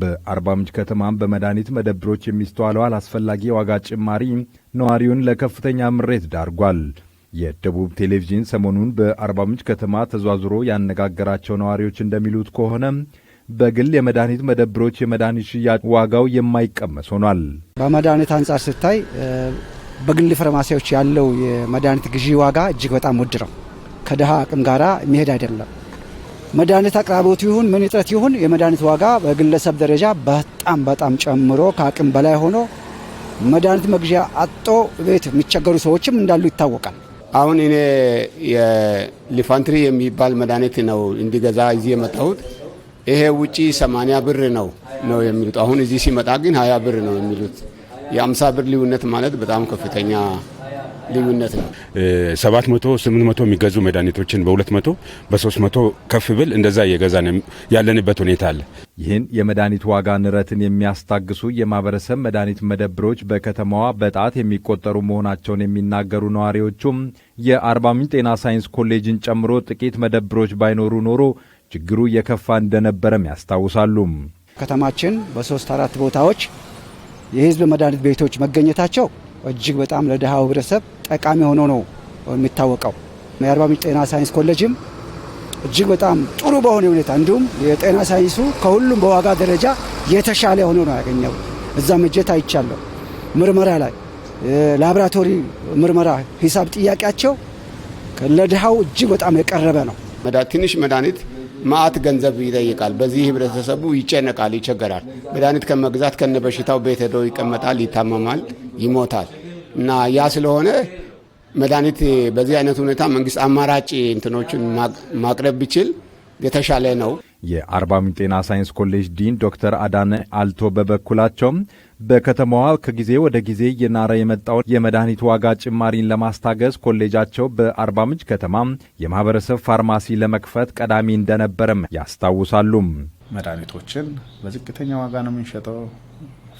በአርባ ምንጭ ከተማም በመድኃኒት መደብሮች የሚስተዋለው አላስፈላጊ የዋጋ ጭማሪ ነዋሪውን ለከፍተኛ ምሬት ዳርጓል። የደቡብ ቴሌቪዥን ሰሞኑን በአርባ ምንጭ ከተማ ተዟዙሮ ያነጋገራቸው ነዋሪዎች እንደሚሉት ከሆነ በግል የመድኃኒት መደብሮች የመድኃኒት ሽያጭ ዋጋው የማይቀመስ ሆኗል። በመድኃኒት አንጻር ስታይ በግል ፈርማሲዎች ያለው የመድኃኒት ግዢ ዋጋ እጅግ በጣም ውድ ነው። ከድሃ አቅም ጋራ የሚሄድ አይደለም። መድኃኒት አቅራቦት ይሁን ምን እጥረት ይሁን የመድኃኒት ዋጋ በግለሰብ ደረጃ በጣም በጣም ጨምሮ ከአቅም በላይ ሆኖ መድኃኒት መግዣ አጦ ቤት የሚቸገሩ ሰዎችም እንዳሉ ይታወቃል። አሁን እኔ የሊፋንትሪ የሚባል መድኃኒት ነው እንዲገዛ እዚህ የመጣሁት። ይሄ ውጪ 80 ብር ነው ነው የሚሉት። አሁን እዚህ ሲመጣ ግን 20 ብር ነው የሚሉት። የ50 ብር ልዩነት ማለት በጣም ከፍተኛ ልዩነት ነው። ሰባት መቶ ስምንት መቶ የሚገዙ መድኃኒቶችን በሁለት መቶ በሶስት መቶ ከፍ ብል እንደዛ እየገዛ ያለንበት ሁኔታ አለ። ይህን የመድኃኒት ዋጋ ንረትን የሚያስታግሱ የማህበረሰብ መድኃኒት መደብሮች በከተማዋ በጣት የሚቆጠሩ መሆናቸውን የሚናገሩ ነዋሪዎቹም የአርባ ምንጭ ጤና ሳይንስ ኮሌጅን ጨምሮ ጥቂት መደብሮች ባይኖሩ ኖሮ ችግሩ የከፋ እንደነበረም ያስታውሳሉ። ከተማችን በሶስት አራት ቦታዎች የህዝብ መድኃኒት ቤቶች መገኘታቸው እጅግ በጣም ለድሃው ህብረተሰብ ጠቃሚ ሆኖ ነው የሚታወቀው። የአርባ ምንጭ ጤና ሳይንስ ኮሌጅም እጅግ በጣም ጥሩ በሆነ ሁኔታ እንዲሁም የጤና ሳይንሱ ከሁሉም በዋጋ ደረጃ የተሻለ ሆኖ ነው ያገኘው። እዛ መጀት አይቻለሁ። ምርመራ ላይ ላብራቶሪ ምርመራ ሂሳብ ጥያቄያቸው ለድሃው እጅግ በጣም የቀረበ ነው። ትንሽ መድኃኒት ማአት ገንዘብ ይጠይቃል። በዚህ ህብረተሰቡ ይጨነቃል፣ ይቸገራል። መድኃኒት ከመግዛት ከነበሽታው ቤት ሄዶ ይቀመጣል፣ ይታመማል። ይሞታል። እና ያ ስለሆነ መድኃኒት በዚህ አይነት ሁኔታ መንግስት አማራጭ እንትኖችን ማቅረብ ቢችል የተሻለ ነው። የአርባ ምንጭ ጤና ሳይንስ ኮሌጅ ዲን ዶክተር አዳነ አልቶ በበኩላቸውም በከተማዋ ከጊዜ ወደ ጊዜ እየናረ የመጣውን የመድኃኒት ዋጋ ጭማሪን ለማስታገዝ ኮሌጃቸው በአርባ ምንጭ ከተማ የማህበረሰብ ፋርማሲ ለመክፈት ቀዳሚ እንደነበረም ያስታውሳሉ። መድኃኒቶችን በዝቅተኛ ዋጋ ነው የምንሸጠው።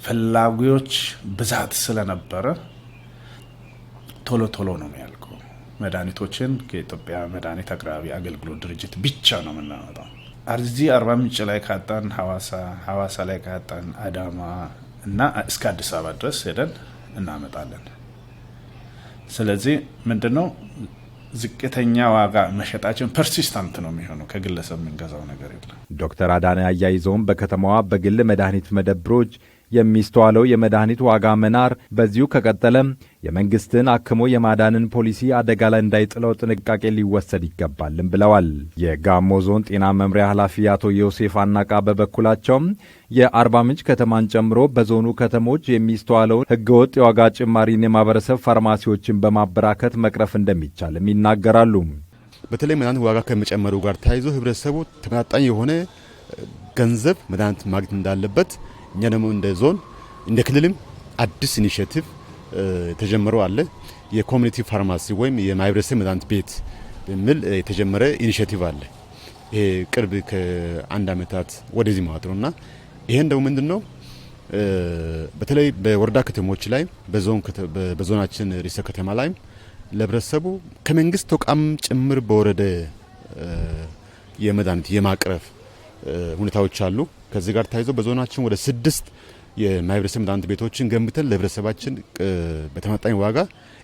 ፈላጊዎች ብዛት ስለነበረ ቶሎ ቶሎ ነው የሚያልቀው። መድኃኒቶችን ከኢትዮጵያ መድኃኒት አቅራቢ አገልግሎት ድርጅት ብቻ ነው የምናመጣው። እዚህ አርባ ምንጭ ላይ ካጣን ሐዋሳ ሐዋሳ ላይ ካጣን አዳማ እና እስከ አዲስ አበባ ድረስ ሄደን እናመጣለን። ስለዚህ ምንድነው ዝቅተኛ ዋጋ መሸጣችን ፐርሲስታንት ነው የሚሆነው። ከግለሰብ የምንገዛው ነገር የለም። ዶክተር አዳነ አያይዘውም በከተማዋ በግል መድኃኒት መደብሮች የሚስተዋለው የመድኃኒት ዋጋ መናር በዚሁ ከቀጠለ የመንግሥትን አክሞ የማዳንን ፖሊሲ አደጋ ላይ እንዳይጥለው ጥንቃቄ ሊወሰድ ይገባልም ብለዋል። የጋሞ ዞን ጤና መምሪያ ኃላፊ አቶ ዮሴፍ አናቃ በበኩላቸውም የአርባ ምንጭ ከተማን ጨምሮ በዞኑ ከተሞች የሚስተዋለውን ህገወጥ የዋጋ ጭማሪን የማህበረሰብ ፋርማሲዎችን በማበራከት መቅረፍ እንደሚቻልም ይናገራሉ። በተለይ መድኃኒት ዋጋ ከመጨመሩ ጋር ተያይዞ ህብረተሰቡ ተመጣጣኝ የሆነ ገንዘብ መድኃኒት ማግኘት እንዳለበት እኛ ደግሞ እንደ ዞን እንደ ክልልም አዲስ ኢኒሽቲቭ ተጀምሮ አለ። የኮሚኒቲ ፋርማሲ ወይም የማህበረሰብ መድኃኒት ቤት በሚል የተጀመረ ኢኒሽቲቭ አለ። ይሄ ቅርብ ከአንድ አመታት ወደዚህ ማለት ነው እና ይሄን ደግሞ ምንድን ነው በተለይ በወረዳ ከተሞች ላይ በዞናችን ርዕሰ ከተማ ላይ ለህብረተሰቡ ከመንግስት ተቋም ጭምር በወረደ የመድኃኒት የማቅረብ ሁኔታዎች አሉ። ከዚህ ጋር ተያይዞ በዞናችን ወደ ስድስት የማህበረሰብ መድኃኒት ቤቶችን ገንብተን ለህብረተሰባችን በተመጣጣኝ ዋጋ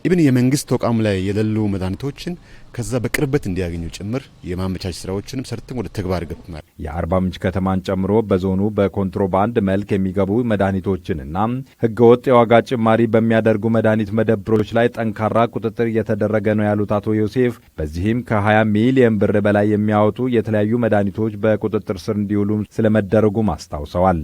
ኢብን የመንግስት ተቋም ላይ የሌሉ መድኃኒቶችን ከዛ በቅርበት እንዲያገኙ ጭምር የማመቻች ስራዎችንም ሰርተን ወደ ተግባር ገብተናል። የአርባ ምንጭ ከተማን ጨምሮ በዞኑ በኮንትሮባንድ መልክ የሚገቡ መድኃኒቶችንና ህገወጥ የዋጋ ጭማሪ በሚያደርጉ መድኃኒት መደብሮች ላይ ጠንካራ ቁጥጥር እየተደረገ ነው ያሉት አቶ ዮሴፍ በዚህም ከ20 ሚሊየን ብር በላይ የሚያወጡ የተለያዩ መድኃኒቶች በቁጥጥር ስር እንዲውሉ ስለመደረጉም አስታውሰዋል።